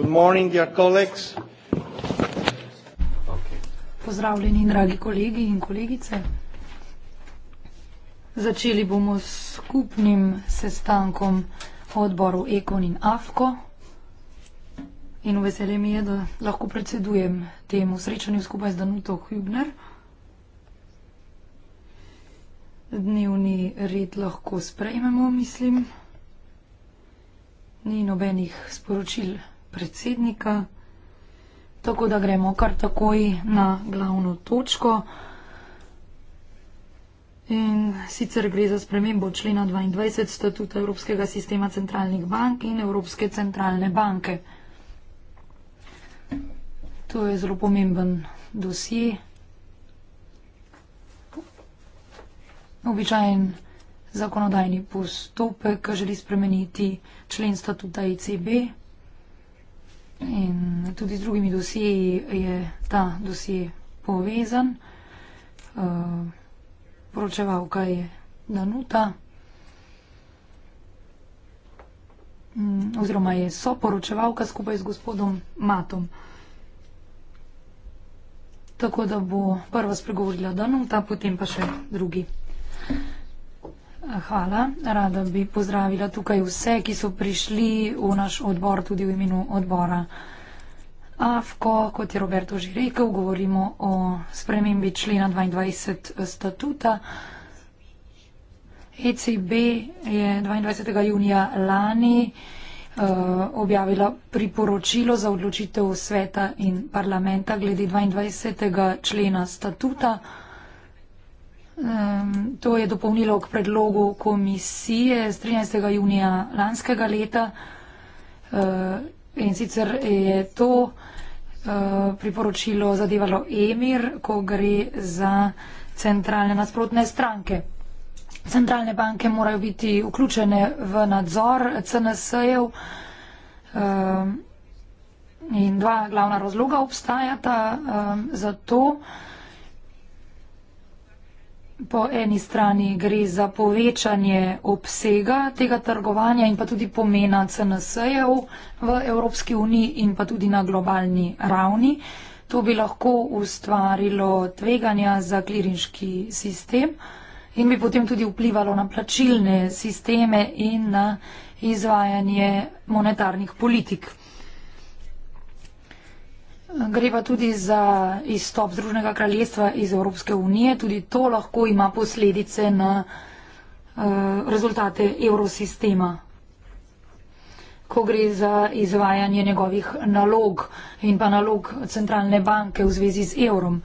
Good morning, dear colleagues. Pozdravljeni, dragi kolegi in kolegice. Začeli bomo s skupnim sestankom odborov Ekon in Afko. In veselje mi je, da lahko predsedujem temu srečanju skupaj z Danuto Hübner. Dnevni red lahko sprejmemo, mislim. Ni nobenih sporočil predsednika. Tako da gremo kar takoj na glavno točko. In sicer gre za spremembo člena 22 statuta Evropskega sistema centralnih bank in Evropske centralne banke. To je zelo pomemben dosje. Običajen zakonodajni postopek želi spremeniti člen statuta ECB in tudi z drugimi dosjeji je ta dosje povezan. Uh, eh, poročeval, kaj je Danuta. Mm, oziroma je soporočevalka skupaj z gospodom Matom. Tako da bo prva spregovorila Danuta, potem pa še drugi. Hvala. Rada bi pozdravila tukaj vse, ki so prišli v naš odbor, tudi v imenu odbora. AFKO, kot je Roberto že rekel, govorimo o spremembi člena 22 statuta. ECB je 22. junija lani eh, objavila priporočilo za odločitev sveta in parlamenta glede 22. člena statuta. Um, to je dopolnilo k predlogu komisije z 13. junija lanskega leta uh, in sicer je to uh, priporočilo zadevalo Emir, ko gre za centralne nasprotne stranke. Centralne banke morajo biti vključene v nadzor CNS-jev um, in dva glavna razloga obstajata um, za to. Um, po eni strani gre za povečanje obsega tega trgovanja in pa tudi pomena CNS-jev v Evropski uniji in pa tudi na globalni ravni. To bi lahko ustvarilo tveganja za klirinški sistem in bi potem tudi vplivalo na plačilne sisteme in na izvajanje monetarnih politik. Gre pa tudi za izstop Združenega kraljestva iz Evropske unije. Tudi to lahko ima posledice na uh, rezultate evrosistema, ko gre za izvajanje njegovih nalog in pa nalog centralne banke v zvezi z evrom.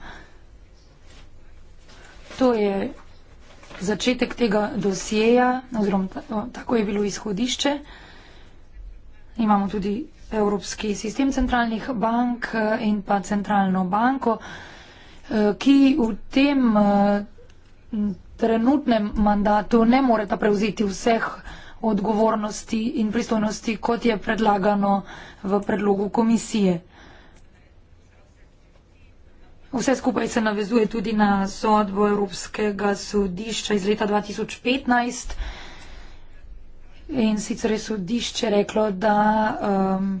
To je začetek tega dosjeja, oziroma tako je bilo izhodišče. Imamo tudi evropski sistem centralnih bank eh, in pa centralno banko, eh, ki v tem eh, trenutnem mandatu ne moreta prevzeti vseh odgovornosti in pristojnosti, kot je predlagano v predlogu komisije. Vse skupaj se navezuje tudi na sodbo Evropskega sodišča iz leta 2015 In sicer je sodišče reklo, da um,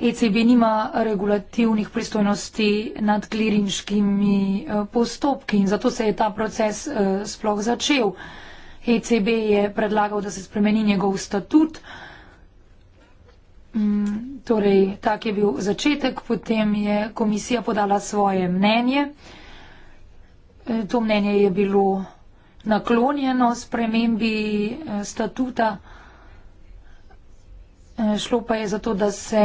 ECB nima regulativnih pristojnosti nad kliriškimi uh, postopki in zato se je ta proces uh, sploh začel. ECB je predlagal, da se spremeni njegov statut. Um, torej, tak je bil začetek, potem je komisija podala svoje mnenje. E, to mnenje je bilo naklonjeno spremembi e, statuta. Eh, šlo pa je zato, da se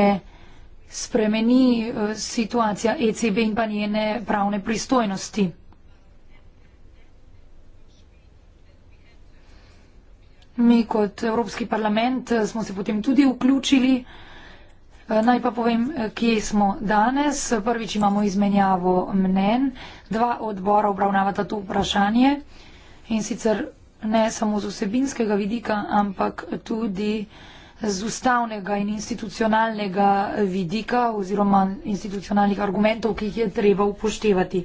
spremeni eh, situacija ECB in pa njene pravne pristojnosti. Mi kot Evropski parlament eh, smo se potem tudi vključili. Naj pa povem, kje smo danes. Prvič imamo izmenjavo mnen. Dva odbora obravnavata to vprašanje in sicer ne samo z osebinskega vidika, ampak tudi z ustavnega in institucionalnega vidika oziroma institucionalnih argumentov, ki jih je treba upoštevati.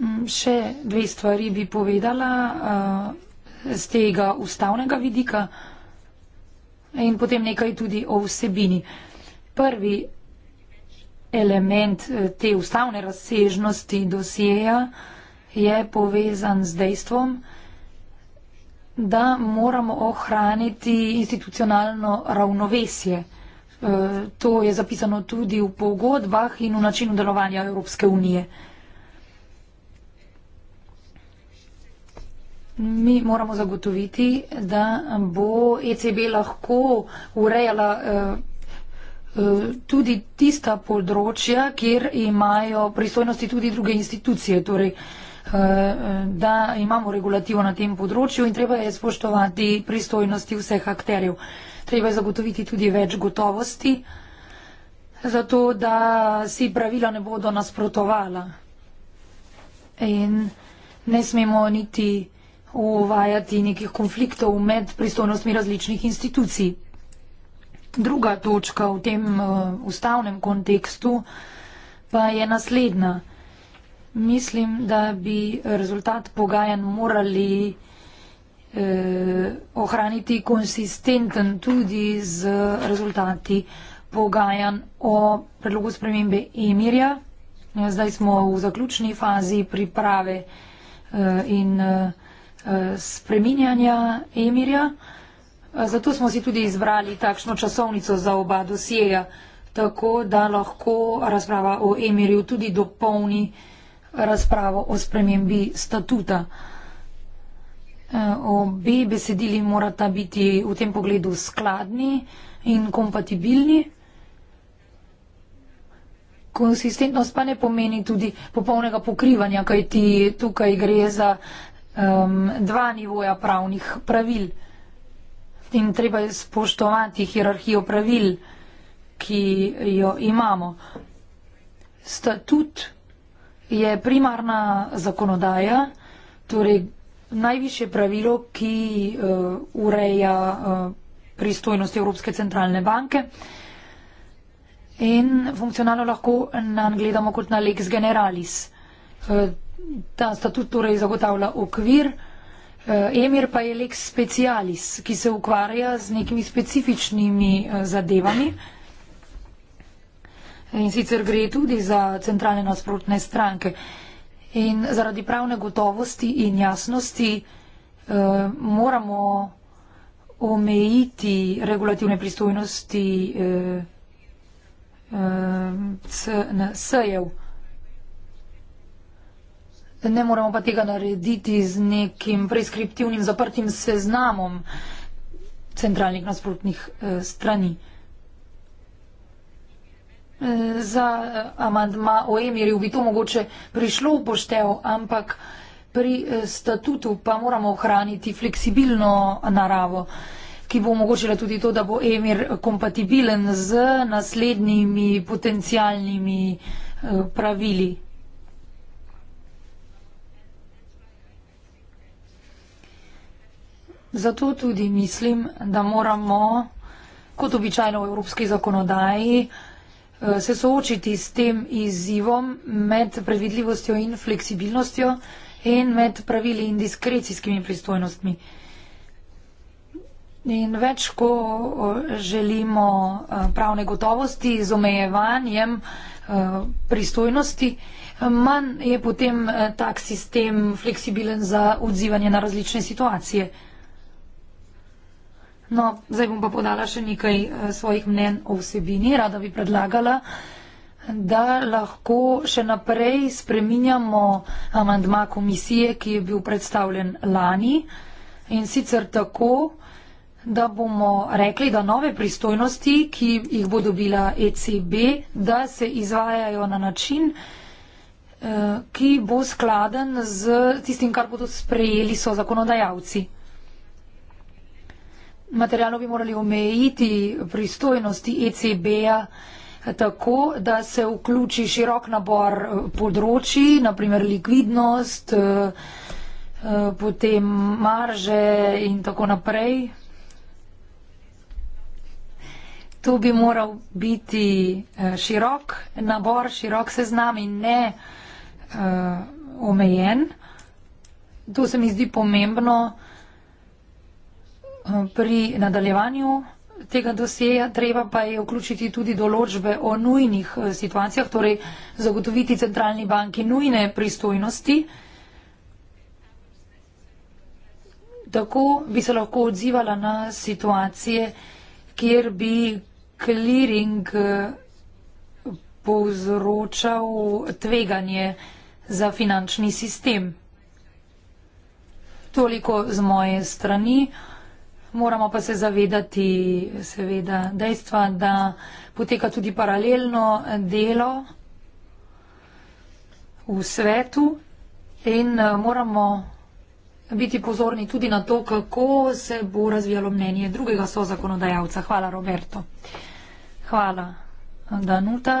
Mm, še dve stvari bi povedala eh, z tega ustavnega vidika in potem nekaj tudi o vsebini. Prvi element eh, te ustavne razsežnosti dosjeja je povezan z dejstvom, da moramo ohraniti institucionalno ravnovesje. E, to je zapisano tudi v pogodbah in v načinu delovanja Evropske unije. Mi moramo zagotoviti, da bo ECB lahko urejala e, e, tudi tista področja, kjer imajo pristojnosti tudi druge institucije. Torej, da imamo regulativo na tem področju in treba je spoštovati pristojnosti vseh akterjev. Treba je zagotoviti tudi več gotovosti, zato da si pravila ne bodo nasprotovala. In ne smemo niti uvajati nekih konfliktov med pristojnostmi različnih institucij. Druga točka v tem eh, ustavnem kontekstu pa je naslednja mislim, da bi rezultat pogajanj morali eh, ohraniti konsistenten tudi z rezultati pogajanj o predlogu spremembe emirja. Ja, zdaj smo v zaključni fazi priprave eh, in eh, spreminjanja emirja. Eh, zato smo si tudi izbrali takšno časovnico za oba dosjeja, tako da lahko razprava o emirju tudi dopolni eh, razpravo o spremembi statuta. E, obe besedili morata biti v tem pogledu skladni in kompatibilni. Konsistentnost pa ne pomeni tudi popolnega pokrivanja, kaj ti tukaj gre za um, dva nivoja pravnih pravil. In treba je spoštovati hierarhijo pravil, ki jo imamo. Statut je primarna zakonodaja, torej najviše pravilo, ki uh, ureja uh, pristojnost Evropske centralne banke. In funkcionalno lahko nam gledamo kot na lex generalis. Eh, ta statut torej zagotavlja okvir, emir pa je lex specialis, ki se ukvarja z nekimi specifičnimi zadevami in sicer gre tudi za centralne nasprotne stranke. In zaradi pravne gotovosti in jasnosti eh, moramo omejiti regulativne pristojnosti eh, eh, CNS-jev. Ne moramo pa tega narediti z nekim preskriptivnim zaprtim seznamom centralnih nasprotnih eh, strani za eh, amandma o Emirju bi to mogoče prišlo v poštev, ampak pri eh, statutu pa moramo ohraniti fleksibilno naravo, ki bo omogočila tudi to, da bo Emir kompatibilen z naslednjimi potencijalnimi eh, pravili. Zato tudi mislim, da moramo kot običajno v evropski zakonodaji Eh, se soočiti s tem izzivom med previdljivostjo in fleksibilnostjo in med pravili in diskrecijskimi pristojnostmi. In več, ko eh, želimo eh, pravne gotovosti z omejevanjem pristojnosti, manj je potem tak sistem fleksibilen za odzivanje na različne situacije. No, zdaj bom pa podala še nekaj eh, svojih mnen o vsebini. Rada bi predlagala, da lahko še naprej spreminjamo amandma komisije, ki je bil predstavljen lani in sicer tako, da bomo rekli, da nove pristojnosti, ki jih bo dobila ECB, da se izvajajo na način, eh, ki bo skladen z tistim, kar bodo sprejeli so zakonodajalci materialno bi morali omejiti pristojnosti ECB-ja tako, da se vključi širok nabor eh, področji, naprimer likvidnost, eh, eh, potem marže in tako naprej. To bi moral biti širok nabor, širok seznam in ne uh, omejen. To se mi zdi pomembno pri nadaljevanju tega dosjeja treba pa je vključiti tudi določbe o nujnih eh, situacijah, torej zagotoviti centralni banki nujne pristojnosti. Tako bi se lahko odzivala na situacije, kjer bi clearing eh, povzročal tveganje za finančni sistem. Toliko z moje strani. Moramo pa se zavedati seveda dejstva, da poteka tudi paralelno delo v svetu in eh, moramo biti pozorni tudi na to, kako se bo razvijalo mnenje drugega sozakonodajalca. Hvala, Roberto. Hvala, Danuta.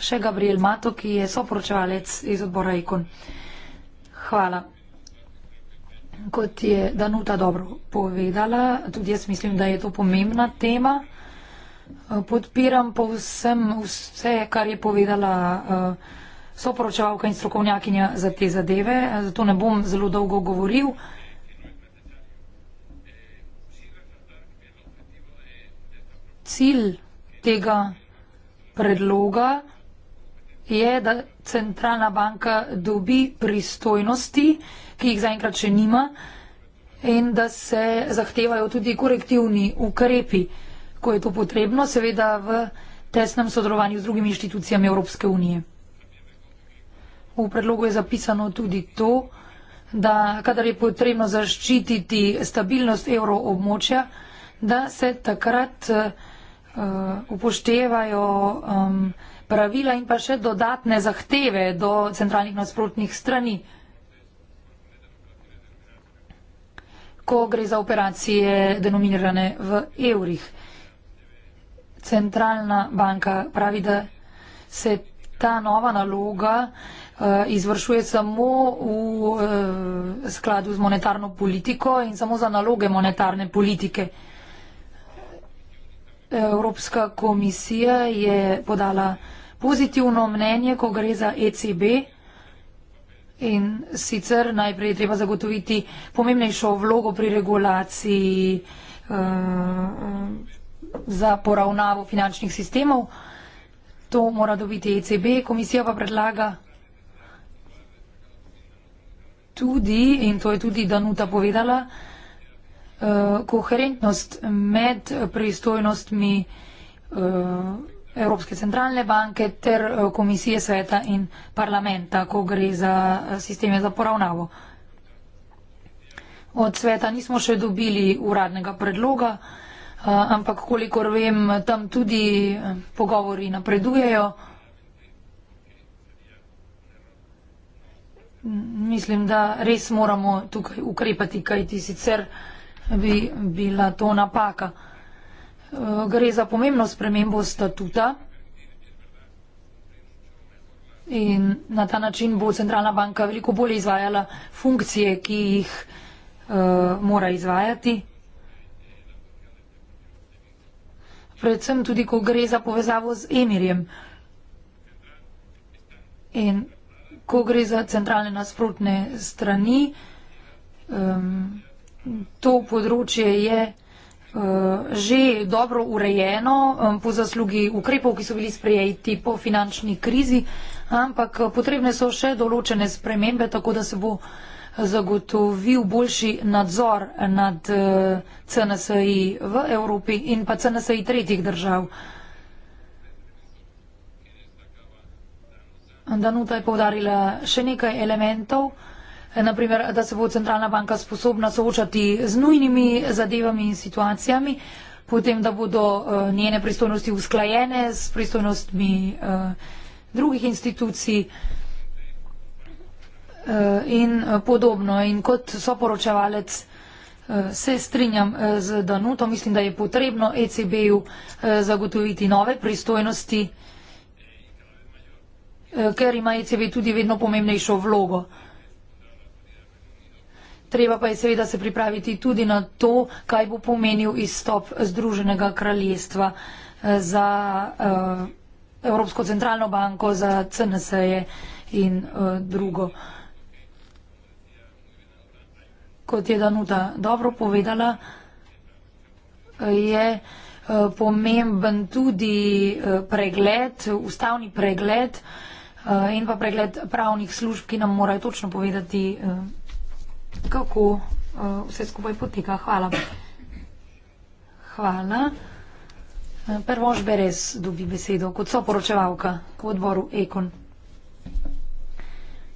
Še Gabriel Mato, ki je soporočevalec iz odbora IKON. Hvala kot je Danuta dobro povedala, tudi jaz mislim, da je to pomembna tema. Podpiram pa vsem vse, kar je povedala eh, soporočevalka in strokovnjakinja za te zadeve, zato ne bom zelo dolgo govoril. Cilj tega predloga je, da centralna banka dobi pristojnosti, ki jih zaenkrat še nima in da se zahtevajo tudi korektivni ukrepi, ko je to potrebno, seveda v tesnem sodelovanju z drugimi inštitucijami Evropske unije. V predlogu je zapisano tudi to, da kadar je potrebno zaščititi stabilnost evroobmočja, da se takrat uh, upoštevajo um, pravila in pa še dodatne zahteve do centralnih nasprotnih strani. ko gre za operacije denominirane v evrih. Centralna banka pravi, da se ta nova naloga uh, izvršuje samo v uh, skladu z monetarno politiko in samo za naloge monetarne politike. Evropska komisija je podala pozitivno mnenje, ko gre za ECB. In sicer najprej je treba zagotoviti pomembnejšo vlogo pri regulaciji uh, za poravnavo finančnih sistemov. To mora dobiti ECB, komisija pa predlaga tudi, in to je tudi Danuta povedala, uh, koherentnost med pristojnostmi. Uh, Evropske centralne banke ter eh, komisije sveta in parlamenta, ko gre za eh, sisteme za poravnavo. Od sveta nismo še dobili uradnega predloga, eh, ampak kolikor vem, tam tudi pogovori napredujejo. Mislim, da res moramo tukaj ukrepati, kajti sicer bi bila to napaka. Eh, gre za pomembno spremembo statuta in na ta način bo centralna banka veliko bolje izvajala funkcije, ki jih eh, mora izvajati. Predvsem tudi, ko gre za povezavo z emirjem. In ko gre za centralne nasprotne strani, to področje je vsega, Eh, že dobro urejeno po zaslugi ukrepov, ki so bili sprejeti po finančni krizi, ampak eh, potrebne so še določene spremembe, tako da se bo eh, zagotovil boljši nadzor nad CNSI v Evropi in pa CNSI tretjih držav. Danuta je povdarila še nekaj elementov, naprimer, da se bo centralna banka sposobna soočati z nujnimi zadevami in situacijami, potem, da bodo uh, njene pristojnosti usklajene s pristojnostmi uh, drugih institucij uh, in podobno. In kot soporočevalec uh, se strinjam uh, z Danuto, mislim, da je potrebno ECB-ju uh, zagotoviti nove pristojnosti ker ima ECB tudi vedno pomembnejšo vlogo. Uh, Treba pa je seveda se pripraviti tudi na to, kaj bo pomenil izstop Združenega kraljestva eh, za uh, Evropsko centralno banko, za CNSE in uh, drugo. Kot je Danuta dobro povedala, je pomemben tudi pregled, ustavni pregled in pa pregled pravnih služb, ki nam morajo točno povedati, kako uh, vse skupaj poteka. Hvala. Hvala. Eh, Prvo Žberes dobi besedo kot soporočevalka v odboru Ekon.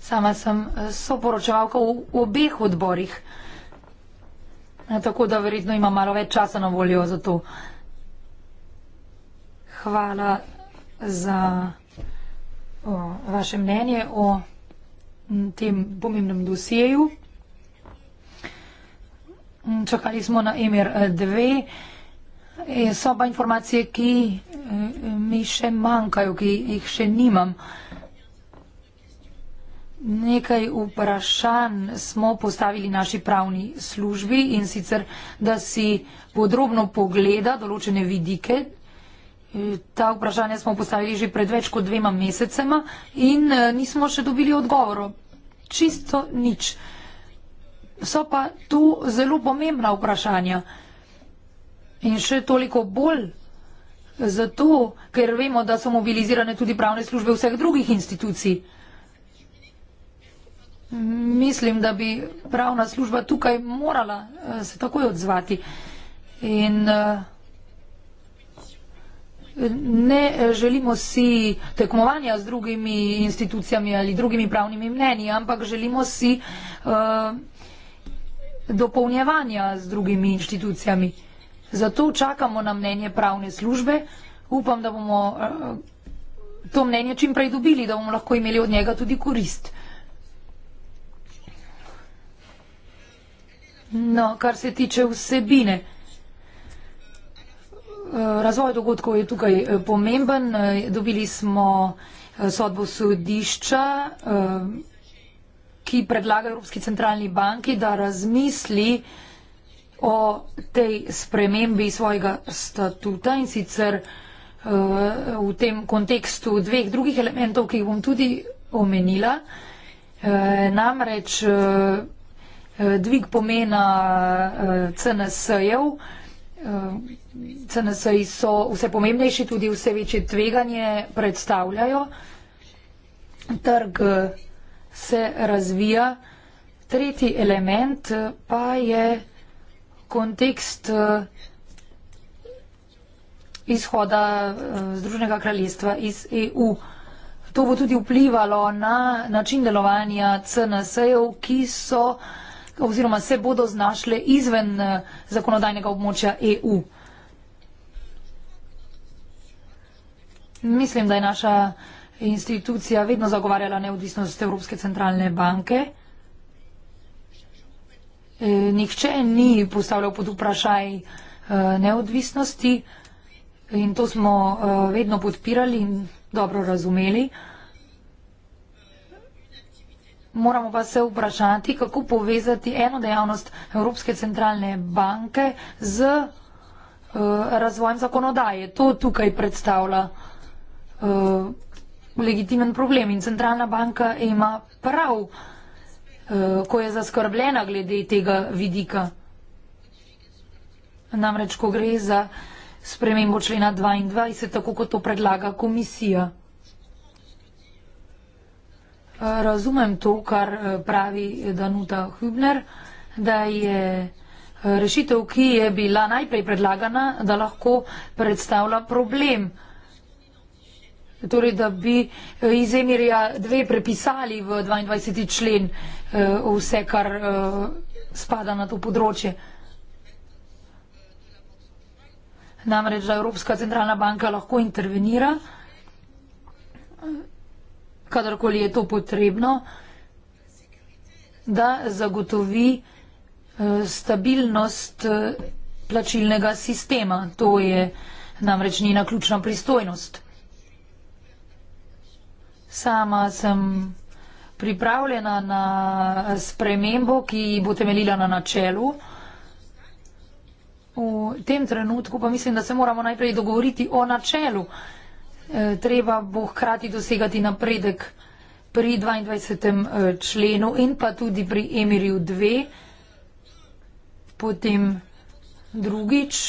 Sama sem eh, soporočevalka v, v obeh odborih, tako da verjetno imam malo več časa na voljo za to. Hvala za o, vaše mnenje o tem pomembnem dosjeju čakali smo na MR2. Eh, eh, so pa informacije, ki eh, mi še manjkajo, ki jih še nimam. Nekaj vprašanj smo postavili naši pravni službi in sicer, da si podrobno pogleda določene vidike. Ta vprašanja smo postavili že pred več kot dvema mesecema in nismo še dobili odgovoro. Čisto nič so pa tu zelo pomembna vprašanja. In še toliko bolj zato, ker vemo, da so mobilizirane tudi pravne službe vseh drugih institucij. Mislim, da bi pravna služba tukaj morala eh, se takoj odzvati. In eh, ne eh, želimo si tekmovanja z drugimi institucijami ali drugimi pravnimi mnenji, ampak želimo si. Uh, dopolnjevanja z drugimi inštitucijami. Zato čakamo na mnenje pravne službe. Upam, da bomo eh, to mnenje čim prej dobili, da bomo lahko imeli od njega tudi korist. No, kar se tiče vsebine. Eh, razvoj dogodkov je tukaj eh, pomemben. Dobili smo sodbo sodišča ki predlaga Evropski centralni banki, da razmisli o tej spremembi svojega statuta in sicer uh, v tem kontekstu dveh drugih elementov, ki jih bom tudi omenila. Uh, namreč uh, dvig pomena uh, CNS-jev. Uh, CNS-ji so vse pomembnejši, tudi vse večje tveganje predstavljajo. Trg uh, se razvija. Tretji element eh, pa je kontekst eh, izhoda eh, Združenega kraljestva iz EU. To bo tudi vplivalo na način delovanja CNS-ev, ki so oziroma se bodo znašle izven zakonodajnega območja EU. Mislim, da je naša institucija vedno zagovarjala neodvisnost Evropske centralne banke. E, nihče ni postavljal pod vprašaj e, neodvisnosti in to smo e, vedno podpirali in dobro razumeli. Moramo pa se vprašati, kako povezati eno dejavnost Evropske centralne banke z razvojem zakonodaje. To tukaj predstavlja legitimen problem in centralna banka ima prav, eh, ko je zaskrbljena glede tega vidika. Namreč, ko gre za spremembo člena 22, tako kot to predlaga komisija. Eh, razumem to, kar eh, pravi Danuta Hübner, da je rešitev, ki je bila najprej predlagana, da lahko predstavlja problem torej da bi eh, iz Emirja dve prepisali v 22. člen eh, vse, kar eh, spada na to področje. Namreč, da Evropska centralna banka lahko intervenira, kadarkoli je to potrebno, da zagotovi stabilnost plačilnega sistema. To je namreč njena ključna pristojnost. Sama sem pripravljena na spremembo, ki bo temeljila na načelu. V tem trenutku pa mislim, da se moramo najprej dogovoriti o načelu. E, treba bo hkrati dosegati napredek pri 22. E, členu in pa tudi pri Emirju 2, potem drugič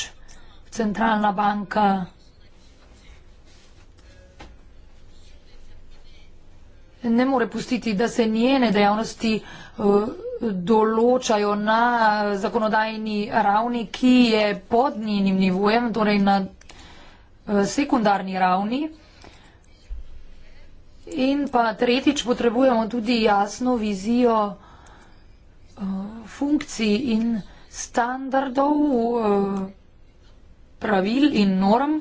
centralna banka. ne more pustiti, da se njene dejavnosti eh, določajo na eh, zakonodajni ravni, ki je pod njenim nivojem, torej na eh, sekundarni ravni. In pa tretjič potrebujemo tudi jasno vizijo funkcij in standardov, pravil in norm.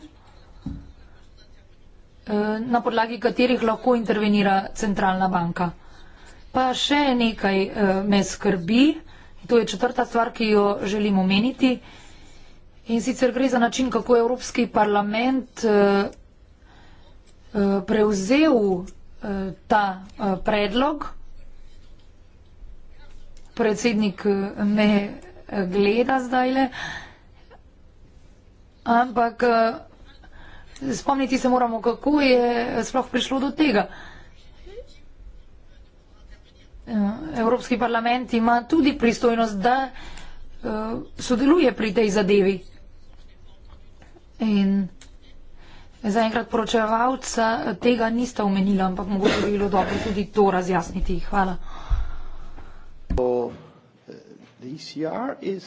Eh, na podlagi katerih lahko intervenira centralna banka. Pa še nekaj eh, me skrbi, to je četrta stvar, ki jo želim omeniti. In sicer gre za način, kako je Evropski parlament eh, prevzel ta predlog. Predsednik me gleda zdajle. Ampak spomniti se moramo, kako je sploh prišlo do tega. Eh, Evropski parlament ima tudi pristojnost, da eh, sodeluje pri tej zadevi. In zaenkrat poročevalca tega nista omenila, ampak mogoče bi bilo dobro tudi to razjasniti. Hvala. Eh, e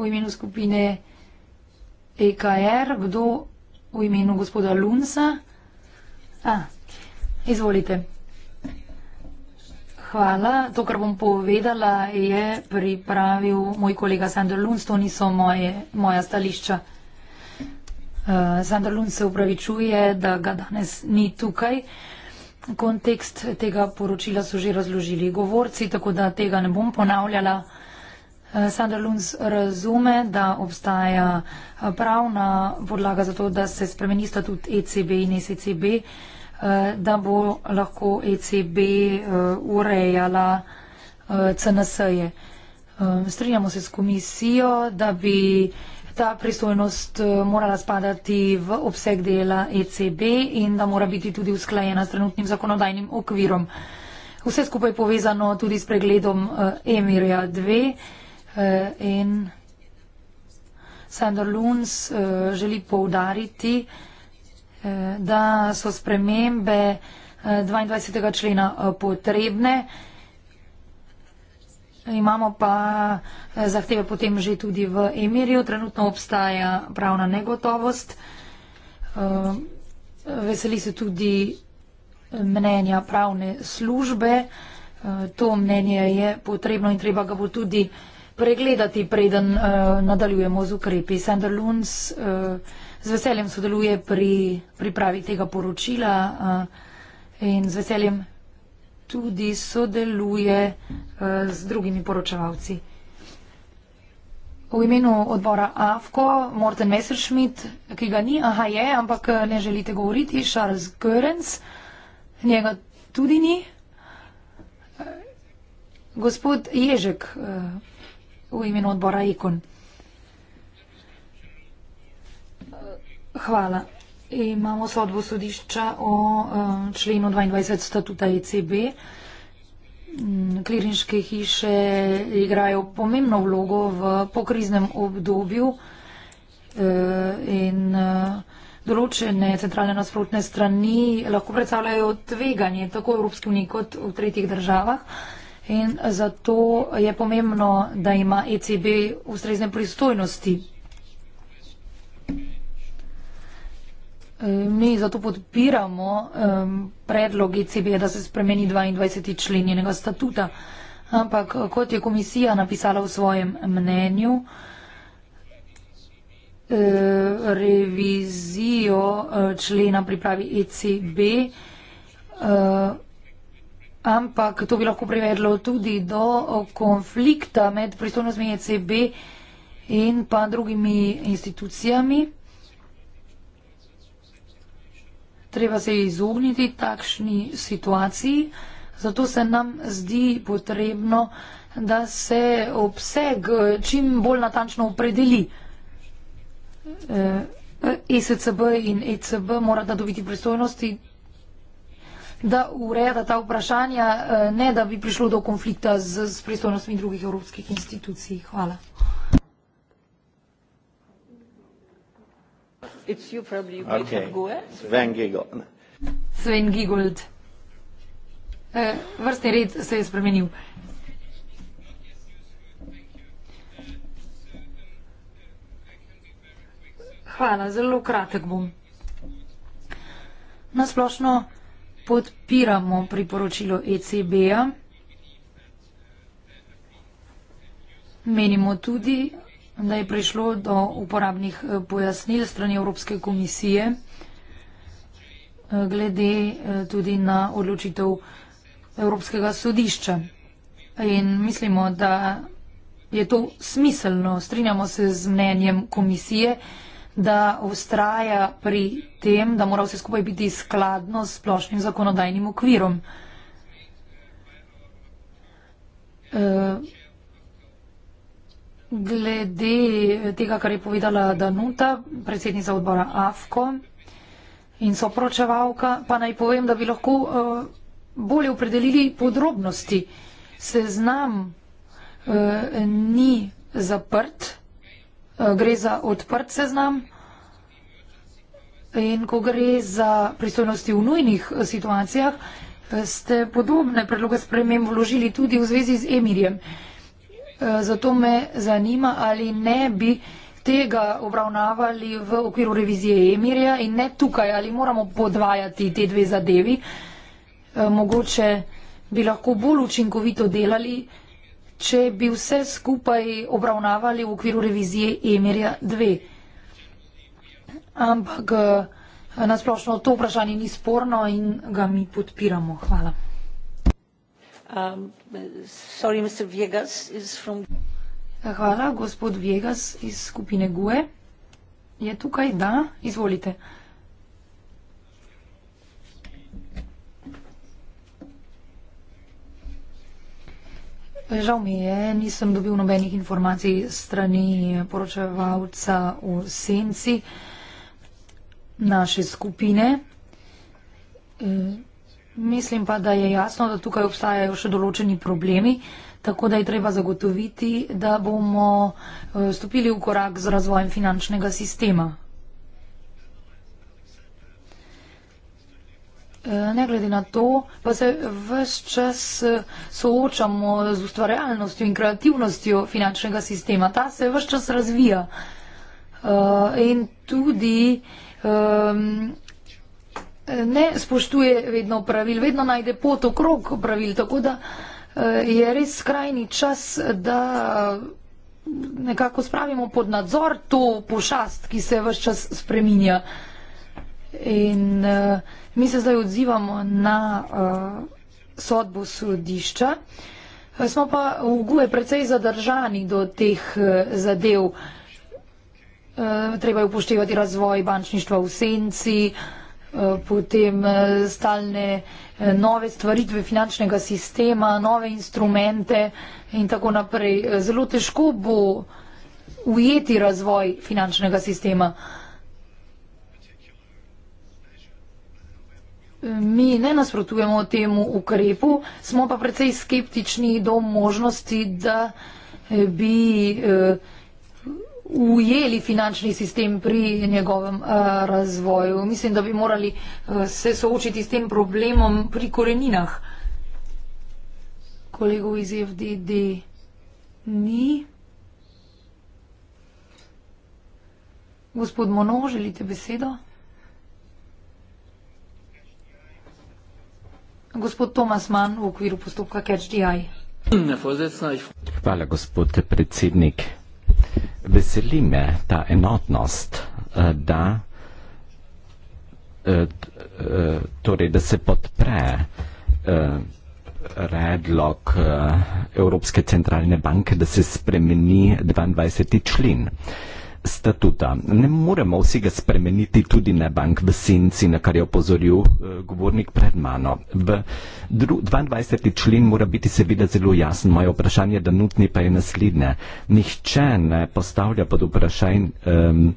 v imenu skupine je PKR, e kdo v imenu gospoda Lunsa? A, izvolite. Hvala. To, kar bom povedala, je pripravil moj kolega Sandr Luns. To niso moje, moja stališča. Uh, e, Sandr Luns se upravičuje, da ga danes ni tukaj. Kontekst tega poročila so že razložili govorci, tako da tega ne bom ponavljala. Eh, Sandra Luns razume, da obstaja eh, pravna podlaga za to, da se spremeni statut ECB in ECCB, eh, da bo lahko ECB urejala CNS-je. Strinjamo se s komisijo, da bi ta pristojnost morala spadati v obseg dela ECB in da mora biti tudi usklajena s trenutnim zakonodajnim okvirom. Vse skupaj je povezano tudi s pregledom Emirja 2. Eh, in Sandor Luns eh, želi poudariti, eh, da so spremembe 22. člena potrebne, imamo pa zahteve potem že tudi v Emirju, trenutno obstaja pravna negotovost. Veseli se tudi mnenja pravne službe, to mnenje je potrebno in treba ga bo tudi vsega pregledati, preden uh, nadaljujemo z ukrepi. Sandra Luns uh, eh, z veseljem sodeluje pri pripravi tega poročila uh, in z veseljem tudi sodeluje uh, z drugimi poročevalci. V imenu odbora AFKO, Morten Messerschmidt, ki ga ni, aha je, ampak ne želite govoriti, Charles Görens, njega tudi ni. Gospod Ježek, u imenu odbora IKON. Hvala. Imamo sodbo sodišča o eh, členu 22 statuta ECB. Mm, Kliriške hiše igrajo pomembno vlogo v pokriznem obdobju eh, in eh, določene centralne nasprotne strani lahko predstavljajo tveganje tako v Evropski uniji kot v tretjih državah. In zato je pomembno, da ima ECB ustrezne pristojnosti. Mi zato podpiramo um, predlog ECB, da se spremeni 22. člen njenega statuta. Ampak kot je komisija napisala v svojem mnenju, e, revizijo e, člena pripravi ECB, uh, e, ampak to bi lahko privedlo tudi do konflikta med pristojnostmi ECB in pa drugimi institucijami. Treba se izogniti takšni situaciji, zato se nam zdi potrebno, da se obseg čim bolj natančno opredeli. ESCB e in ECB morata dobiti pristojnosti da urejata ta vprašanja, eh, ne da bi prišlo do konflikta z, z pristojnostmi drugih evropskih institucij. Hvala. Sven Gigold. Eh, vrstni red se je spremenil. Hvala, zelo kratek bom. Nasplošno podpiramo priporočilo ECB-a. Menimo tudi, da je prišlo do uporabnih eh, pojasnil strani Evropske komisije eh, glede eh, tudi na odločitev Evropskega sodišča. In mislimo, da je to smiselno. Strinjamo se z mnenjem komisije da ustraja pri tem, da mora vse skupaj biti skladno s splošnim zakonodajnim okvirom. E, glede tega, kar je povedala Danuta, predsednica odbora AFKO in soproočevalka, pa naj povem, da bi lahko e, bolje opredelili podrobnosti. Seznam e, ni zaprt. Eh, gre za odprt seznam in ko gre za pristojnosti v nujnih eh, situacijah, eh, ste podobne predloge sprememb vložili tudi v zvezi z Emirjem. Zato me zanima, ali ne bi tega obravnavali v okviru revizije Emirja in ne tukaj, ali moramo podvajati te dve zadevi. Mogoče bi lahko bolj učinkovito delali, če bi vse skupaj obravnavali v okviru revizije Emirja 2. Ampak eh, nasplošno to vprašanje ni sporno in ga mi podpiramo. Hvala. Um, sorry, Mr. Viegas is from... Eh, hvala, gospod Viegas iz skupine GUE. Je tukaj? Da, izvolite. Uh, Žal mi je, nisem dobil nobenih informacij strani poročevalca v senci naše skupine. Eh, mislim pa, da je jasno, da tukaj obstajajo še določeni problemi, tako da je treba zagotoviti, da bomo eh, stopili v korak z razvojem finančnega sistema Eh, ne glede na to, pa se vse čas eh, soočamo z ustvarjalnostjo in kreativnostjo finančnega sistema. Ta se vse čas razvija. Eh, in tudi ehm, ne spoštuje vedno pravil, vedno najde pot okrog pravil. Tako da je res skrajni čas, da nekako spravimo pod nadzor to pošast, ki se vse čas spreminja. In uh, mi se zdaj odzivamo na uh, sodbo sodišča. Eh, smo pa v guje precej zadržani do teh uh, zadev. Uh, treba je upoštevati razvoj bančništva v senci, uh, potem uh, stalne uh, nove stvaritve finančnega sistema, nove instrumente in tako naprej. Zelo težko bo ujeti razvoj finančnega sistema. Uh, Mi ne nasprotujemo temu ukrepu, smo pa precej skeptični do možnosti, da eh, bi eh, ujeli finančni sistem pri njegovem eh, razvoju. Mislim, da bi morali se soočiti s tem problemom pri koreninah. Kolegov iz FDD ni. Gospod Mono, želite besedo? Gospod Tomas Mann v okviru postopka CatchDI. Hvala, gospod predsednik. Veseli me ta enotnost, eh, da, eh, eh, torej, da se podpre redlog Evropske centralne banke, da se spremeni 22. člen statuta. Ne moremo vsi ga spremeniti tudi na bank v senci, na kar je opozoril eh, govornik pred mano. V 22. člen mora biti seveda zelo jasen. Moje vprašanje danutni pa je naslednje. Nihče ne postavlja pod vprašaj um,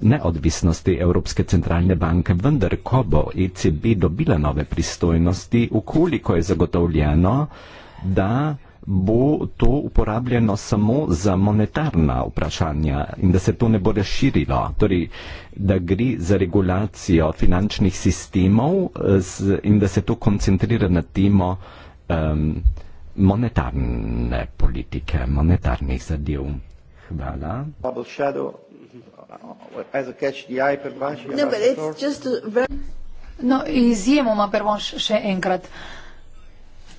neodvisnosti Evropske centralne banke, vendar ko bo ECB dobila nove pristojnosti, ukoliko je zagotovljeno, da bo to uporabljeno samo za monetarna vprašanja in da se to ne bo razširilo. Torej, da gre za regulacijo finančnih sistemov eh, in da se to koncentrira na temo um, monetarne politike, monetarnih zadev. Hvala. No, no, izjemoma, prvo še enkrat.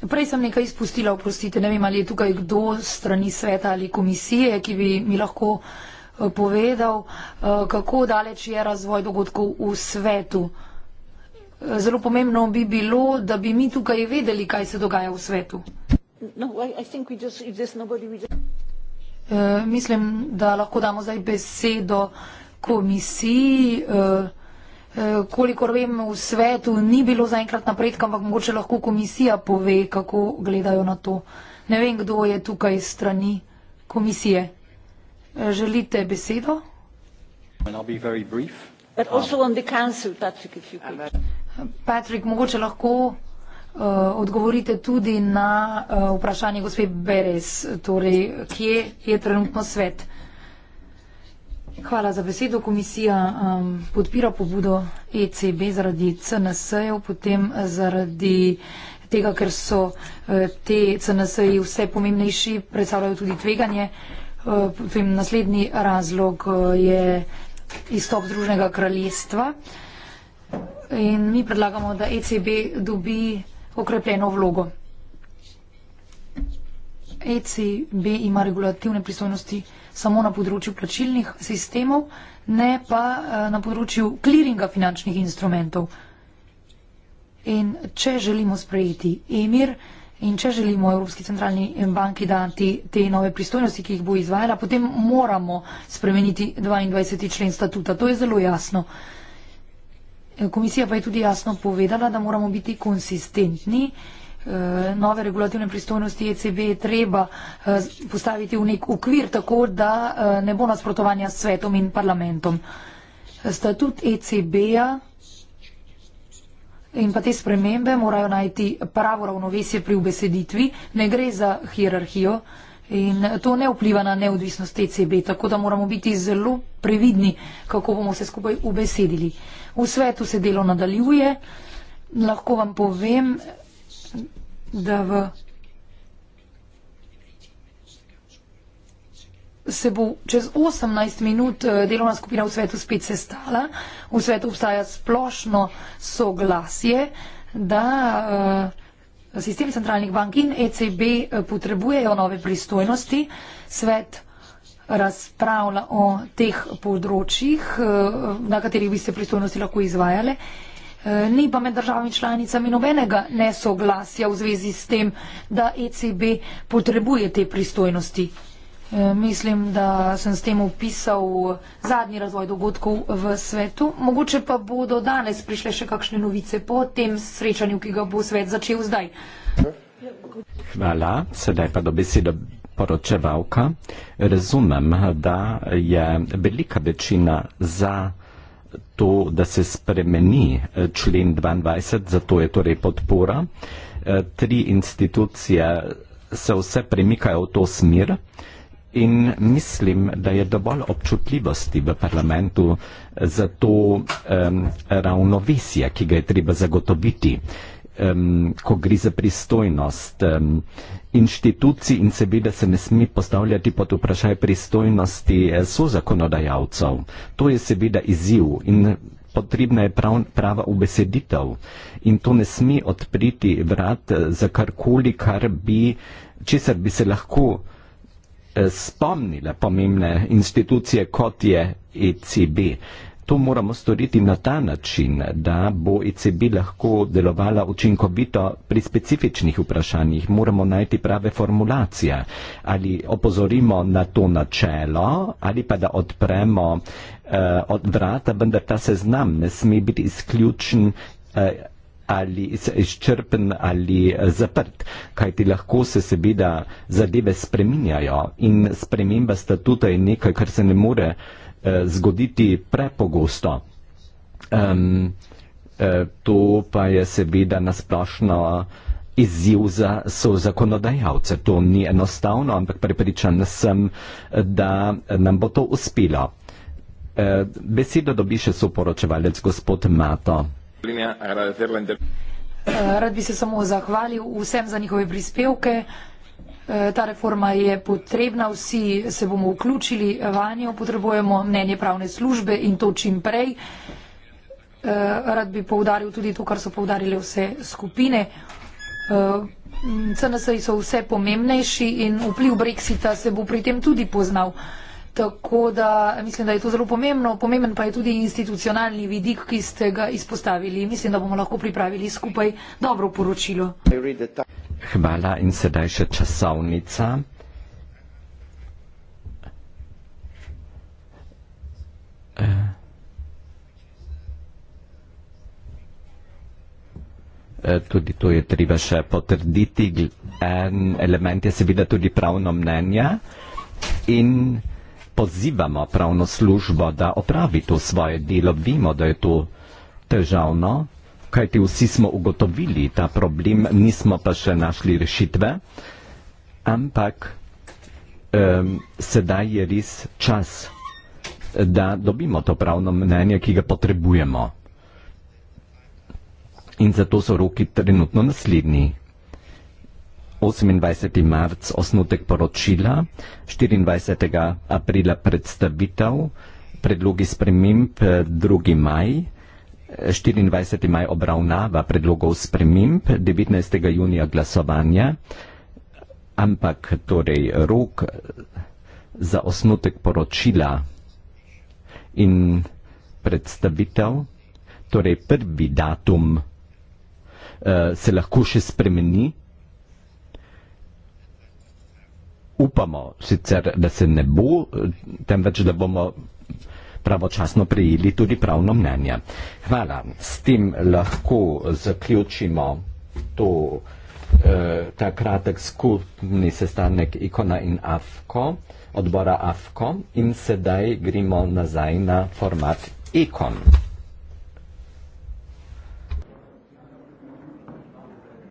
Prej sem nekaj izpustila, oprostite, ne vem, ali je tukaj kdo strani sveta ali komisije, ki bi mi lahko eh, povedal, eh, kako daleč je razvoj dogodkov v svetu. Eh, zelo pomembno bi bilo, da bi mi tukaj vedeli, kaj se dogaja v svetu. No, mislim, da lahko damo zdaj besedo komisiji. Uh, Eh, kolikor vem, v svetu ni bilo zaenkrat napredka, ampak mogoče lahko komisija pove, kako gledajo na to. Ne vem, kdo je tukaj strani komisije. Eh, želite besedo? Patrick, mogoče lahko uh, odgovorite tudi na uh, vprašanje gospe Beres, torej kje je trenutno svet. Uh, Hvala za besedo. Komisija um, podpira pobudo ECB zaradi CNS-jev, potem eh, zaradi tega, ker so uh, te CNS-ji vse pomembnejši, predstavljajo tudi tveganje. Uh, potem naslednji razlog uh, je izstop Združnega kraljestva. In mi predlagamo, da ECB dobi okrepljeno vlogo. ECB ima regulativne pristojnosti samo na področju plačilnih sistemov, ne pa eh, na področju kliringa finančnih instrumentov. In če želimo sprejeti emir in če želimo Evropski centralni banki dati te nove pristojnosti, ki jih bo izvajala, potem moramo spremeniti 22. člen statuta. To je zelo jasno. Eh, komisija pa je tudi jasno povedala, da moramo biti konsistentni Eh, nove regulativne pristojnosti ECB treba eh, postaviti v nek ukvir, tako da eh, ne bo nasprotovanja s svetom in parlamentom. Statut ECB-a in pa te spremembe morajo najti pravo ravnovesje pri ubeseditvi, ne gre za hierarhijo in to ne vpliva na neodvisnost ECB, tako da moramo biti zelo previdni, kako bomo se skupaj ubesedili. V svetu se delo nadaljuje, lahko vam povem, da v, se bo čez 18 minut eh, delovna skupina v svetu spet sestala. V svetu obstaja splošno soglasje, da eh, sistem centralnih bank in ECB eh, potrebujejo nove pristojnosti. Svet razpravlja o teh področjih, na katerih bi se pristojnosti lahko izvajale. Eh, ni pa med državami članicami nobenega nesoglasja v zvezi s tem, da ECB potrebuje te pristojnosti. Eh, mislim, da sem s tem upisal zadnji razvoj dogodkov v svetu. Mogoče pa bodo danes prišle še kakšne novice po tem srečanju, ki ga bo svet začel zdaj. Hvala. Sedaj pa do besede poročevalka. Razumem, da je velika večina za to, da se spremeni eh, člen 22, zato je torej podpora. Eh, tri institucije se vse premikajo v to smer in mislim, da je dovolj občutljivosti v parlamentu za to um, ravnovesje, ki ga je treba zagotoviti um, ko gre za pristojnost um, inštitucij in seveda se ne sme postavljati pod vprašaj pristojnosti eh, so zakonodajalcev. To je seveda izziv in potrebna je prav, prava ubeseditev in to ne sme odpriti vrat eh, za karkoli, kar bi, česar bi se lahko eh, spomnile pomembne institucije, kot je ECB to moramo storiti na ta način, da bo ECB lahko delovala učinkovito pri specifičnih vprašanjih. Moramo najti prave formulacije. Ali opozorimo na to načelo, ali pa da odpremo eh, od vrata, vendar ta seznam ne sme biti izključen. Eh, ali izčrpen ali eh, zaprt, kajti lahko se seveda zadeve spreminjajo in sprememba statuta je nekaj, kar se ne more uh, Eh, zgoditi prepogosto. Um, to pa je seveda nasplošno izziv za so zakonodajalce. To ni enostavno, ampak prepričan sem, da nam bo to uspelo. Eh, besedo dobi še soporočevalec gospod Mato. Rad bi se samo zahvalil vsem za njihove prispevke. Eh, ta reforma je potrebna, vsi se bomo vključili v njo, potrebujemo mnenje pravne službe in to čim prej. Eh, rad bi povdaril tudi to, kar so povdarile vse skupine. Eh, mm, CNS-ji so vse pomembnejši in vpliv Brexita se bo pri tem tudi poznal. Tako da mislim, da je to zelo pomembno. Pomemben pa je tudi institucionalni vidik, ki ste ga izpostavili. Mislim, da bomo lahko pripravili skupaj dobro poročilo. Hvala in sedaj še časovnica. Eh, eh, tudi to je treba še potrditi. En element je seveda tudi pravno mnenje. In pozivamo pravno službo, da opravi to svoje delo. Vemo, da je to težavno, kajti vsi smo ugotovili ta problem, nismo pa še našli rešitve. Ampak um, sedaj je res čas, da dobimo to pravno mnenje, ki ga potrebujemo. In zato so roki trenutno naslednji. 28. marc osnutek poročila, 24. aprila predstavitev, predlogi sprememb 2. maj, 24. maj obravnava predlogov sprememb, 19. junija glasovanja, ampak torej rok za osnutek poročila in predstavitev, torej prvi datum eh, se lahko še spremeni, upamo sicer, da se ne bo, temveč da bomo pravočasno prejeli tudi pravno mnenje. Hvala. S tem lahko zaključimo to, eh, ta kratek skupni sestanek Ikona in AFKO, odbora AFKO in sedaj gremo nazaj na format Ikon.